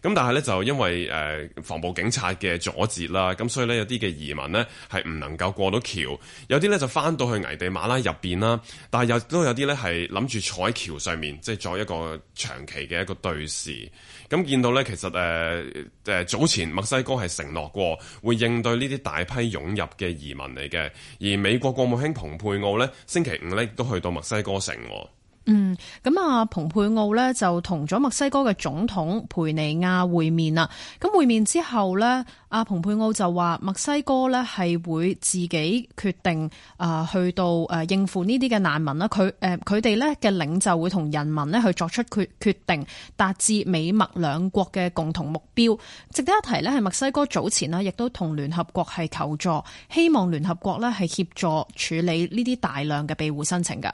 咁但係咧就因為、呃、防暴警察嘅阻截啦，咁所以咧有啲嘅移民呢係唔能夠過到橋，有啲咧就翻到去危地馬拉入邊啦，但係又都有啲咧係諗住坐喺橋上面，即係作一個長期嘅一個對峙。咁、嗯、見到咧其實、呃呃、早前墨西哥係承諾過會應對呢啲大批湧入嘅移民嚟嘅，而美國國務卿蓬佩奧咧星期五咧都去到墨西哥城。嗯，咁啊，蓬佩奧呢，就同咗墨西哥嘅總統培尼亞會面啦。咁會面之後呢，阿蓬佩奧就話墨西哥呢係會自己決定啊，去到誒應付呢啲嘅難民啦。佢誒佢哋呢嘅領袖會同人民呢去作出決決定，達至美墨兩國嘅共同目標。值得一提呢，係墨西哥早前呢亦都同聯合國係求助，希望聯合國呢係協助處理呢啲大量嘅庇護申請㗎。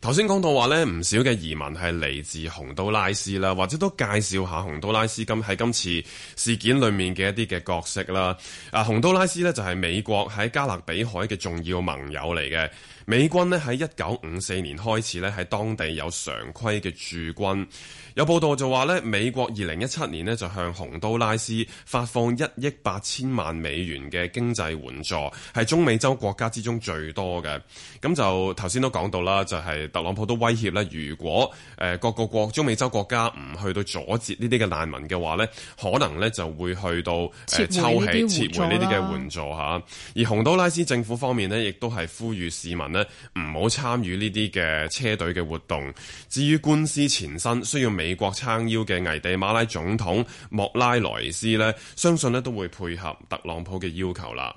頭先講到話咧，唔少嘅移民係嚟自洪都拉斯啦，或者都介紹下洪都拉斯今喺今次事件裏面嘅一啲嘅角色啦。啊，洪都拉斯咧就係美國喺加勒比海嘅重要盟友嚟嘅。美軍呢喺一九五四年開始呢喺當地有常規嘅駐軍。有報道就話呢，美國二零一七年呢就向洪都拉斯發放一億八千萬美元嘅經濟援助，係中美洲國家之中最多嘅。咁就頭先都講到啦，就係特朗普都威脅啦，如果誒各個國中美洲國家唔去到阻截呢啲嘅難民嘅話呢，可能呢就會去到抽起撤回呢啲嘅援助吓。而洪都拉斯政府方面呢亦都係呼籲市民呢。唔好參與呢啲嘅車隊嘅活動。至於官司纏身、需要美國撐腰嘅危地馬拉總統莫拉萊斯相信都會配合特朗普嘅要求啦。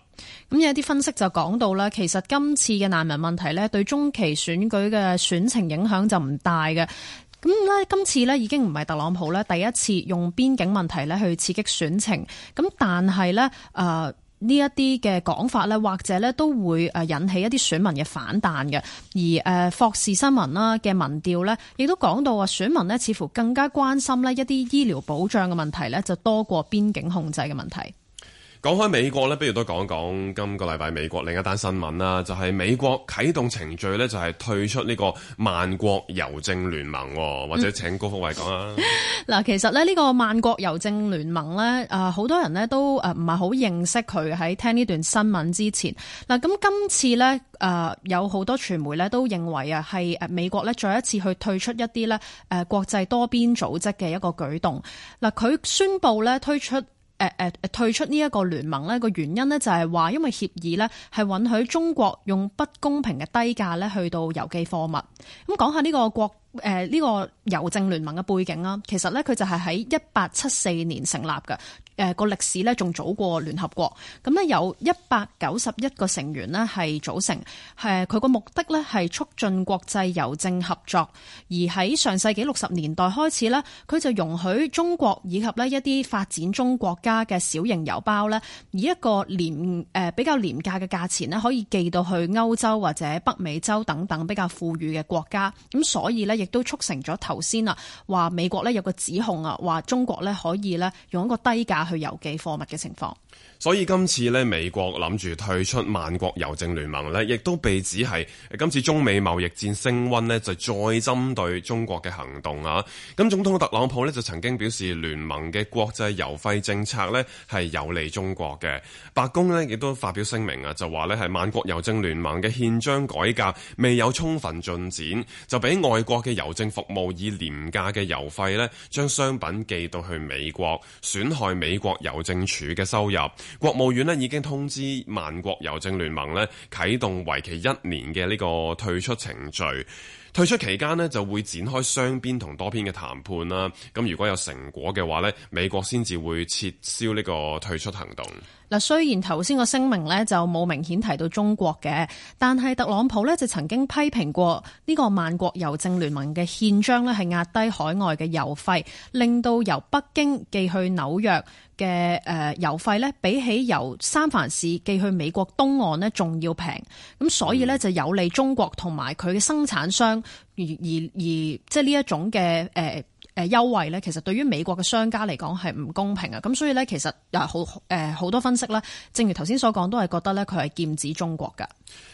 咁、嗯、有啲分析就講到咧，其實今次嘅難民問題咧，對中期選舉嘅選情影響就唔大嘅。咁、嗯、今次已經唔係特朗普第一次用邊境問題去刺激選情，咁但係誒。呃呢一啲嘅講法呢，或者呢都會引起一啲選民嘅反彈嘅。而誒霍士新聞啦嘅民調呢，亦都講到啊，選民呢似乎更加關心呢一啲醫療保障嘅問題呢就多過邊境控制嘅問題。講開美國咧，不如都講講今個禮拜美國另一單新聞啦，就係、是、美國啟動程序咧，就係退出呢、這個萬國郵政聯盟，或者請高福衛講啊。嗱、嗯， <laughs> 其實呢、這、呢個萬國郵政聯盟咧，好、呃、多人呢都誒唔係好認識佢。喺聽呢段新聞之前，嗱、呃、咁今次咧誒、呃、有好多傳媒咧都認為啊，係誒美國咧再一次去退出一啲咧誒國際多邊組織嘅一個舉動。嗱、呃，佢宣布咧推出。誒誒誒，退出呢一個聯盟呢個原因呢，就係話，因為協議呢係允許中國用不公平嘅低價咧去到郵寄貨物。咁講下呢個國誒呢個郵政聯盟嘅背景啦。其實呢，佢就係喺一八七四年成立嘅。誒個歷史咧仲早過聯合國，咁呢有一百九十一個成員呢係組成，誒佢個目的呢係促進國際郵政合作，而喺上世紀六十年代開始呢，佢就容許中國以及呢一啲發展中國家嘅小型郵包呢，以一個廉誒比較廉價嘅價錢呢，可以寄到去歐洲或者北美洲等等比較富裕嘅國家，咁所以呢，亦都促成咗頭先啊話美國呢有個指控啊，話中國呢可以呢用一個低價。去郵寄貨物嘅情況，所以今次呢美國諗住退出萬國郵政聯盟呢亦都被指係今次中美貿易戰升溫呢，就再針對中國嘅行動啊！咁、啊、總統特朗普呢，就曾經表示，聯盟嘅國際郵費政策呢係有利中國嘅。白宮呢亦都發表聲明啊，就話呢係萬國郵政聯盟嘅憲章改革未有充分進展，就俾外國嘅郵政服務以廉價嘅郵費呢將商品寄到去美國，損害美。美國郵政署嘅收入，國務院呢已經通知萬國郵政聯盟呢啟動為期一年嘅呢個退出程序。退出期間呢，就會展開雙邊同多邊嘅談判啦。咁如果有成果嘅話呢，美國先至會撤銷呢個退出行動。嗱，雖然頭先個聲明呢就冇明顯提到中國嘅，但係特朗普呢就曾經批評過呢個萬國郵政聯盟嘅憲章呢係壓低海外嘅郵費，令到由北京寄去紐約嘅誒郵費呢比起由三藩市寄去美國東岸呢仲要平，咁所以呢，就有利中國同埋佢嘅生產商而而而即係呢一種嘅誒。呃誒優惠咧，其實對於美國嘅商家嚟講係唔公平啊！咁所以咧，其實有好誒好多分析咧，正如頭先所講，都係覺得咧佢係劍指中國㗎。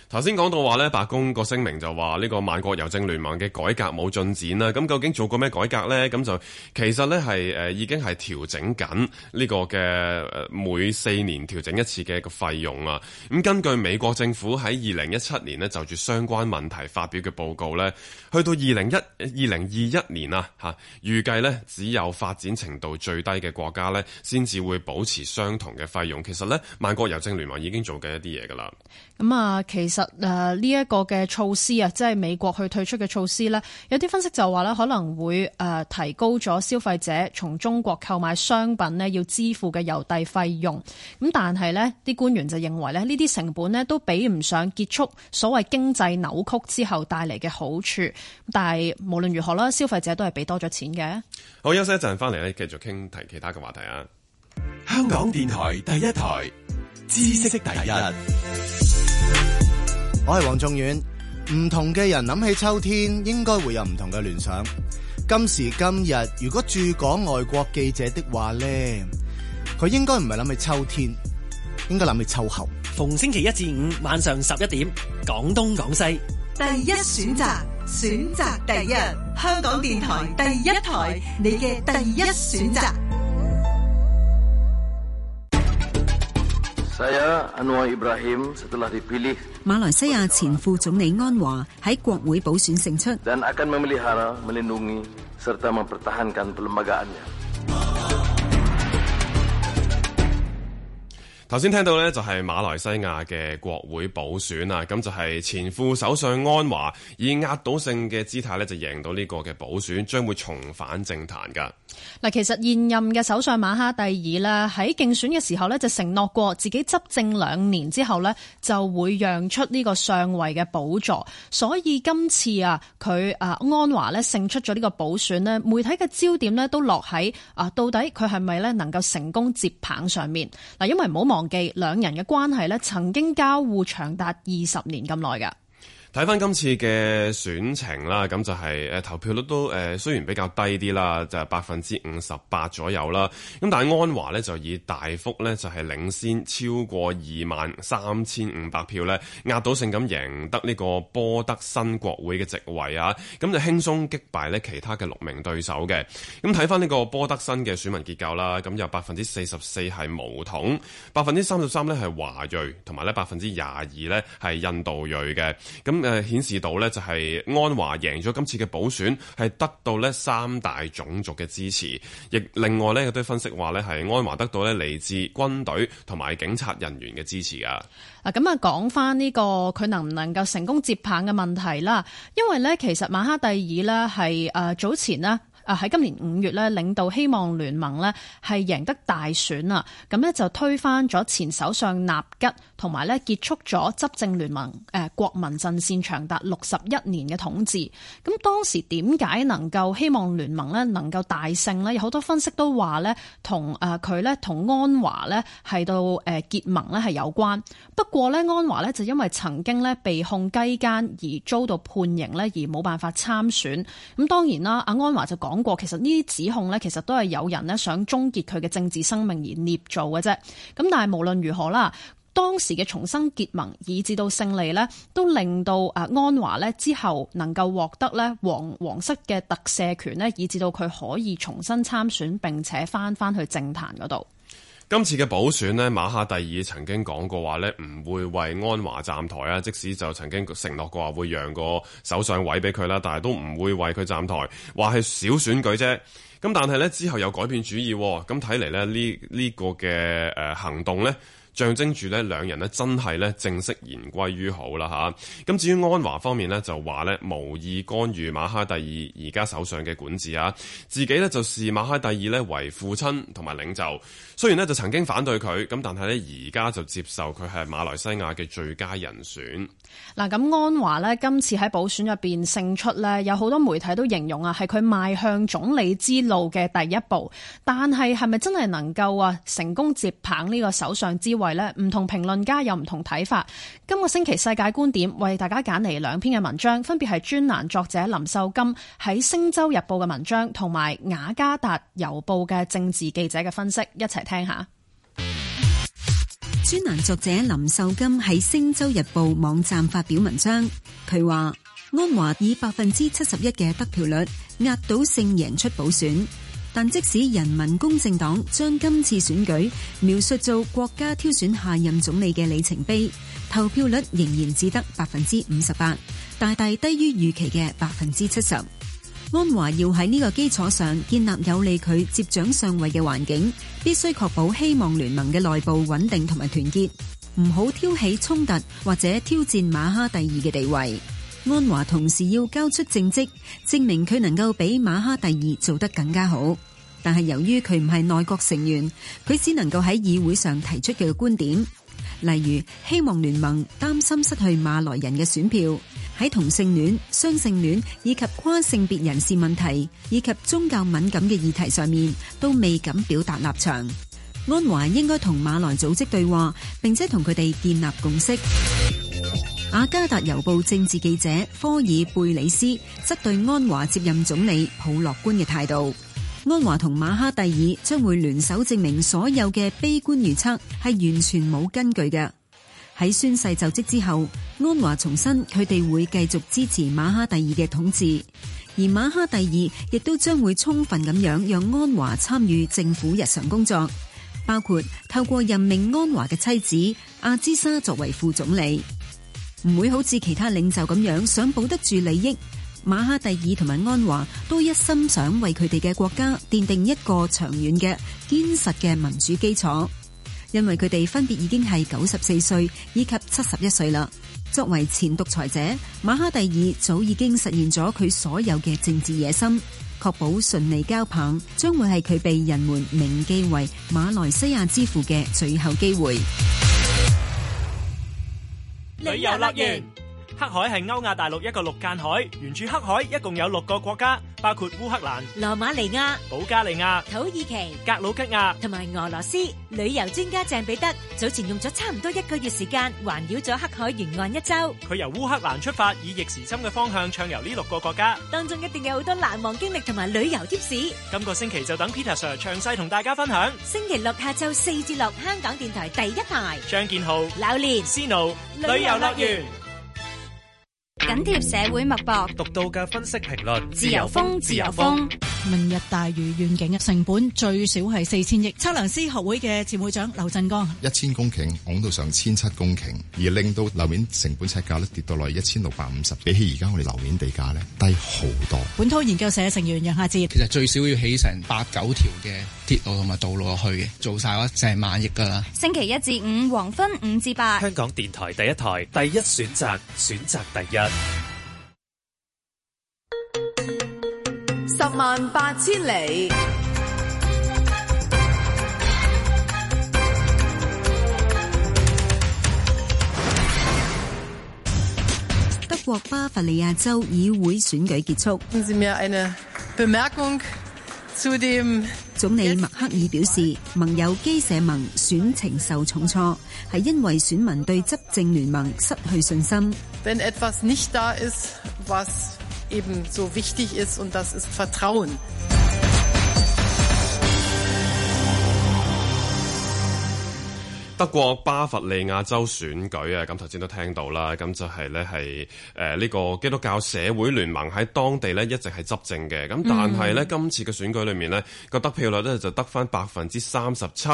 頭先講到話咧，白宮個聲明就話呢個萬國郵政聯盟嘅改革冇進展啦。咁究竟做過咩改革呢？咁就其實呢，係誒已經係調整緊呢個嘅每四年調整一次嘅一個費用啊。咁根據美國政府喺二零一七年呢，就住相關問題發表嘅報告呢，去到二零一二零二一年啊吓，預計呢，只有發展程度最低嘅國家呢，先至會保持相同嘅費用。其實呢，萬國郵政聯盟已經做緊一啲嘢噶啦。咁啊，其實誒呢一個嘅措施啊，即係美國去退出嘅措施咧，有啲分析就話咧可能會誒提高咗消費者從中國購買商品咧要支付嘅郵遞費用。咁但係咧啲官員就認為咧呢啲成本咧都比唔上結束所謂經濟扭曲之後帶嚟嘅好處。但係無論如何啦，消費者都係俾多咗錢嘅。好，休息一陣翻嚟咧，繼續傾提其他嘅話題啊！香港電台第一台，知識第一。我係黃仲遠，唔同嘅人諗起秋天應該會有唔同嘅聯想。今時今日，如果駐港外國記者的話呢，佢應該唔係諗起秋天，應該諗起秋後。逢星期一至五晚上十一點，廣東廣西第一選擇，選擇第一，香港電台第一台，你嘅第一選擇。馬來西亞前副總理安華喺國會補選勝出。頭先聽到呢，就係馬來西亞嘅國會補選啊，咁就係前副首相安華以壓倒性嘅姿態呢，就贏到呢個嘅補選，將會重返政壇噶。嗱，其實現任嘅首相馬哈蒂爾咧，喺競選嘅時候咧就承諾過自己執政兩年之後咧就會讓出呢個上位嘅寶座，所以今次啊佢啊安華咧勝出咗呢個補選咧，媒體嘅焦點咧都落喺啊到底佢係咪咧能夠成功接棒上面嗱？因為唔好忘記兩人嘅關係咧曾經交互長達二十年咁耐㗎。睇翻今次嘅選情啦，咁就係投票率都雖然比較低啲啦，就係百分之五十八左右啦。咁但係安華呢，就以大幅呢，就係領先超過二萬三千五百票呢，壓倒性咁贏得呢個波德新國會嘅席位啊！咁就輕鬆擊敗呢其他嘅六名對手嘅。咁睇翻呢個波德新嘅選民結構啦，咁有百分之四十四係巫統，百分之三十三呢係華裔，同埋呢百分之廿二呢係印度裔嘅。咁誒、呃，顯示到咧就係安華贏咗今次嘅補選，係得到咧三大種族嘅支持，亦另外咧有啲分析話咧係安華得到咧嚟自軍隊同埋警察人員嘅支持的啊。嗱，咁啊講返呢個佢能唔能夠成功接棒嘅問題啦，因為呢，其實馬哈蒂爾呢係誒、呃、早前咧。誒喺今年五月咧，領導希望聯盟呢係贏得大選啊！咁呢就推翻咗前首相納吉，同埋咧結束咗執政聯盟誒國民陣線長達六十一年嘅統治。咁當時點解能夠希望聯盟呢能夠大勝呢？有好多分析都話呢，同誒佢呢同安華呢係到誒結盟呢係有關。不過呢，安華呢就因為曾經呢被控雞奸而遭到判刑呢，而冇辦法參選。咁當然啦，阿安華就講。過，其實呢啲指控咧，其實都係有人呢想終結佢嘅政治生命而捏造嘅啫。咁但係無論如何啦，當時嘅重新結盟，以至到勝利咧，都令到安華咧之後能夠獲得咧皇皇室嘅特赦權咧，以至到佢可以重新參選，並且翻翻去政壇嗰度。今次嘅補選呢，馬哈蒂爾曾經講過話呢，唔會為安華站台啊。即使就曾經承諾過話會讓個首相位俾佢啦，但係都唔會為佢站台。話係小選舉啫。咁但係呢，之後又改變主意，咁睇嚟呢，呢個嘅誒行動呢，象徵住呢兩人真係呢正式言歸於好啦吓。咁至於安華方面呢，就話呢無意干預馬哈蒂爾而家手上嘅管治啊，自己呢就視馬哈蒂爾呢為父親同埋領袖。雖然呢，就曾經反對佢，咁但係呢，而家就接受佢係馬來西亞嘅最佳人選。嗱，咁安華呢，今次喺補選入面勝出呢，有好多媒體都形容啊，係佢邁向總理之路嘅第一步。但係係咪真係能夠啊成功接棒呢個首相之位呢？唔同評論家有唔同睇法。今個星期世界觀點為大家揀嚟兩篇嘅文章，分別係專欄作者林秀金喺星洲日報嘅文章，同埋雅加達郵報嘅政治記者嘅分析一齊。聽下專欄作者林秀金喺《星洲日報》網站發表文章，佢話安華以百分之七十一嘅得票率壓倒性贏出補選，但即使人民公正黨將今次選舉描述做國家挑選下任總理嘅里程碑，投票率仍然只得百分之五十八，大大低於預期嘅百分之七十。安華要喺呢個基礎上建立有利佢接掌上位嘅環境，必須確保希望聯盟嘅內部穩定同埋團結，唔好挑起衝突或者挑戰馬哈第二嘅地位。安華同時要交出政績，證明佢能夠比馬哈第二做得更加好。但係由於佢唔係內閣成員，佢只能夠喺議會上提出佢嘅觀點。例如，希望聯盟擔心失去馬來人嘅選票，喺同性戀、雙性戀以及跨性別人士問題，以及宗教敏感嘅議題上面，都未敢表達立場。安華應該同馬來組織對話，並且同佢哋建立共識。雅加達郵報政治記者科爾貝里斯則對安華接任總理抱樂觀嘅態度。安華同馬哈蒂爾將會聯手證明所有嘅悲觀預測係完全冇根據嘅。喺宣誓就職之後，安華重申佢哋會繼續支持馬哈蒂爾嘅統治，而馬哈蒂爾亦都將會充分咁樣讓安華參與政府日常工作，包括透過任命安華嘅妻子阿茲莎作為副總理，唔會好似其他領袖咁樣想保得住利益。馬哈蒂爾同埋安華都一心想為佢哋嘅國家奠定一個長遠嘅堅實嘅民主基礎，因為佢哋分別已經係九十四歲以及七十一歲啦。作為前獨裁者，馬哈蒂爾早已經實現咗佢所有嘅政治野心，確保順利交棒將會係佢被人們銘記為馬來西亞之父嘅最後機會。旅有留言。黑海係歐亞大陸一個陸間海，沿住黑海一共有六個國家，包括烏克蘭、羅馬尼亞、保加利亞、土耳其、格魯吉亞同埋俄羅斯。旅遊專家鄭彼得早前用咗差唔多一個月時間環繞咗黑海沿岸一周，佢由烏克蘭出發，以逆時針嘅方向暢遊呢六個國家當中，一定有好多難忘經歷同埋旅遊貼士。今個星期就等 Peter Sir 詳細同大家分享。星期六下晝四至六，香港電台第一台。張建浩、劉連、思奴、旅遊樂園。緊貼社會脈搏，獨到嘅分析評論，自由風，自由風。明日大嶼願景嘅成本最少係四千億。測量師學會嘅前會長劉振剛，一千公頃，講到上千七公頃，而令到樓面成本尺價咧跌到落一千六百五十，比起而家我哋樓面地價咧低好多。本土研究社成員楊夏志，其實最少要起成八九條嘅。鐵路同埋道路落去嘅，做晒一成萬億噶啦。星期一至五黃昏五至八，香港電台第一台第一選擇，選擇第一。十萬八千里。德國巴伐利亞州議會選舉結束。總理默克爾表示，盟友基社盟選情受重挫，係因為選民對執政聯盟失去信心。德國巴伐利亞州選舉啊，咁頭先都聽到啦，咁就係呢係呢個基督教社會聯盟喺當地呢一直係執政嘅，咁但係呢，今次嘅選舉裏面呢，個得票率呢就得返百分之三十七，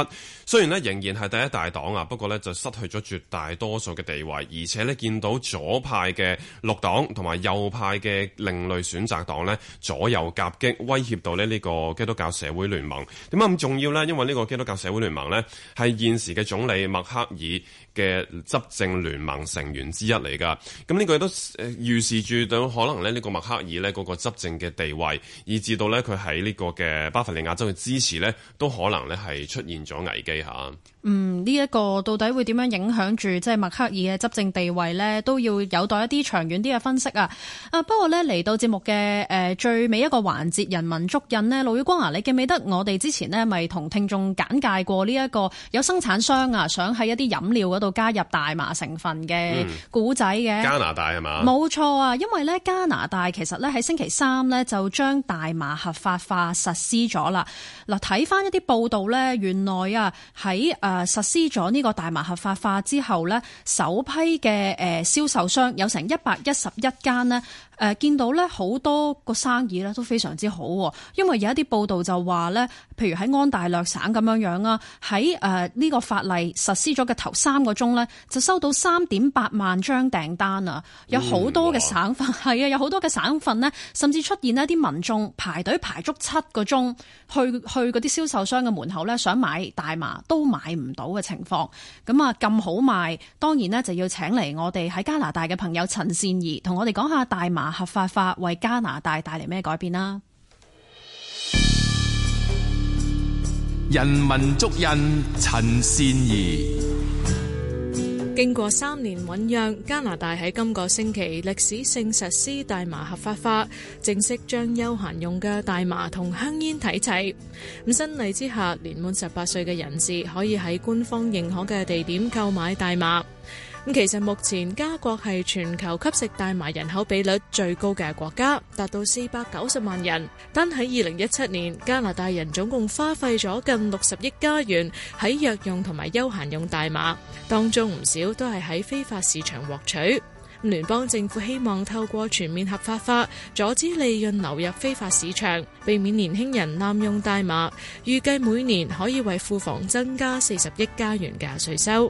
雖然呢，仍然係第一大黨啊，不過呢，就失去咗絕大多數嘅地位，而且呢，見到左派嘅綠黨同埋右派嘅另類選擇黨呢，左右夾擊，威脅到呢個基督教社會聯盟。點解咁重要呢？因為呢個基督教社會聯盟呢，係現時嘅總理。係默克爾，嘅執政聯盟成員之一嚟㗎，咁呢個亦都預示住到可能呢個默克爾呢個個執政嘅地位，以至到呢佢喺呢個嘅巴伐利亞州嘅支持呢，都可能呢係出現咗危機，下嗯，呢一個到底會點樣影響住即係默克爾嘅執政地位呢，都要有待一啲長遠啲嘅分析啊。啊，不過呢，嚟到節目嘅、呃、最尾一個環節，人民足印呢，盧宇光啊，你記唔記得我哋之前呢咪同聽眾簡介過呢一個有生產商啊，想喺一啲飲料嗰到加入大麻成分嘅古仔嘅加拿大啊嘛？冇錯啊，因為咧加拿大其實咧喺星期三咧就將大麻合法化實施咗啦。嗱，睇翻一啲報道咧，原來啊喺誒實施咗呢個大麻合法化之後咧，首批嘅誒銷售商有成一百一十一間咧。誒見到咧好多個生意咧都非常之好，因為有一啲報道就話咧，譬如喺安大略省咁樣樣啊，喺誒呢個法例實施咗嘅頭三個鐘咧，就收到三點八萬張訂單啊，有好多嘅省份係啊、嗯，有好多嘅省份呢甚至出現一啲民眾排隊排足七個鐘去去嗰啲銷售商嘅門口咧，想買大麻都買唔到嘅情況。咁啊咁好賣，當然呢，就要請嚟我哋喺加拿大嘅朋友陳善儀，同我哋講下大麻。合法化為加拿大帶嚟咩改變啦？人民足印陳善儀，經過三年醞釀，加拿大喺今個星期歷史性實施大麻合法化，正式將休閒用嘅大麻同香煙睇齊。咁新例之下，年滿十八歲嘅人士可以喺官方認可嘅地點購買大麻。咁其實目前加國係全球吸食大麻人口比率最高嘅國家，達到四百九十萬人。單喺二零一七年，加拿大人總共花費咗近六十億加元喺藥用同埋休閒用大麻，當中唔少都係喺非法市場獲取。聯邦政府希望透過全面合法化，阻止利潤流入非法市場，避免年輕人濫用大麻，預計每年可以為庫房增加四十億加元嘅稅收。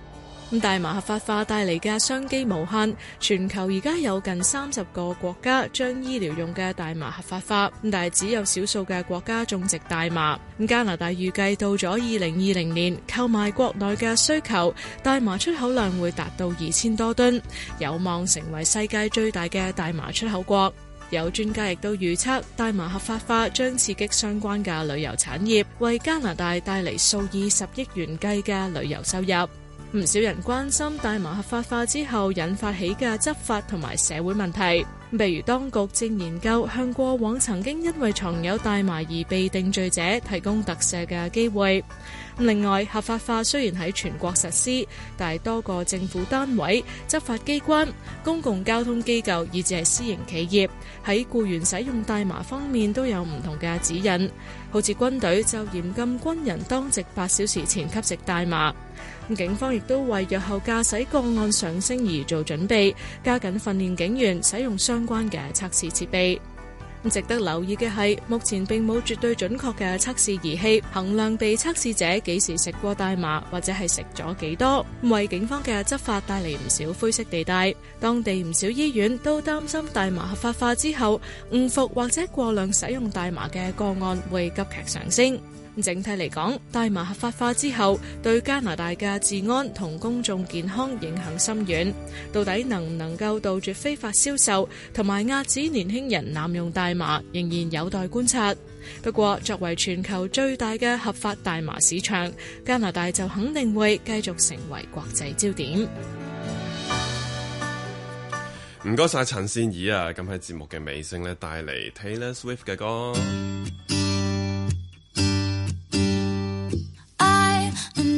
咁大麻合法化帶嚟嘅商機無限，全球而家有近三十個國家將醫療用嘅大麻合法化，但係只有少數嘅國家種植大麻。加拿大預計到咗二零二零年，購買國內嘅需求大麻出口量會達到二千多噸，有望成為世界最大嘅大麻出口國。有專家亦都預測，大麻合法化將刺激相關嘅旅遊產業，為加拿大帶嚟數以十億元計嘅旅遊收入。唔少人關心大麻合法化之後引發起嘅執法同埋社會問題，譬如當局正研究向過往曾經因為藏有大麻而被定罪者提供特赦嘅機會。另外，合法化雖然喺全國實施，但係多個政府單位、執法機關、公共交通機構以至係私營企業喺雇員使用大麻方面都有唔同嘅指引。好似軍隊就嚴禁軍人當值八小時前吸食大麻。咁警方亦都為日後駕駛個案上升而做準備，加緊訓練警員使用相關嘅測試設備。值得留意嘅係，目前並冇絕對準確嘅測試儀器衡量被測試者幾時食過大麻或者係食咗幾多，為警方嘅執法帶嚟唔少灰色地帶。當地唔少醫院都擔心大麻合法化之後，誤服或者過量使用大麻嘅個案會急劇上升。整體嚟講，大麻合法化之後，對加拿大嘅治安同公眾健康影響深遠。到底能唔能夠杜絕非法銷售，同埋遏止年輕人濫用大麻，仍然有待觀察。不過，作為全球最大嘅合法大麻市場，加拿大就肯定會繼續成為國際焦點。唔該晒陳善儀啊！今期節目嘅尾聲咧，帶嚟 Taylor Swift 嘅歌。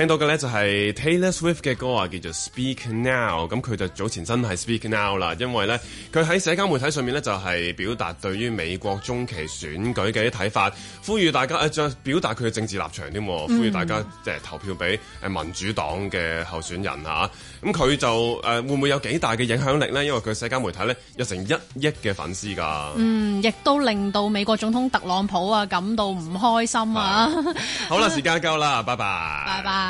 聽到嘅咧就係 Taylor Swift 嘅歌啊，叫做《Speak Now》。咁佢就早前真係《Speak Now》啦，因為咧佢喺社交媒體上面咧就係表達對於美國中期選舉嘅啲睇法，呼籲大家誒、呃、表達佢嘅政治立場添，呼籲大家即誒投票俾誒民主黨嘅候選人吓，咁、嗯、佢就誒、呃、會唔會有幾大嘅影響力咧？因為佢社交媒體咧有成一億嘅粉絲㗎。嗯，亦都令到美國總統特朗普啊感到唔開心啊。好啦， <laughs> 時間夠到啦，拜 <laughs> 拜，拜拜。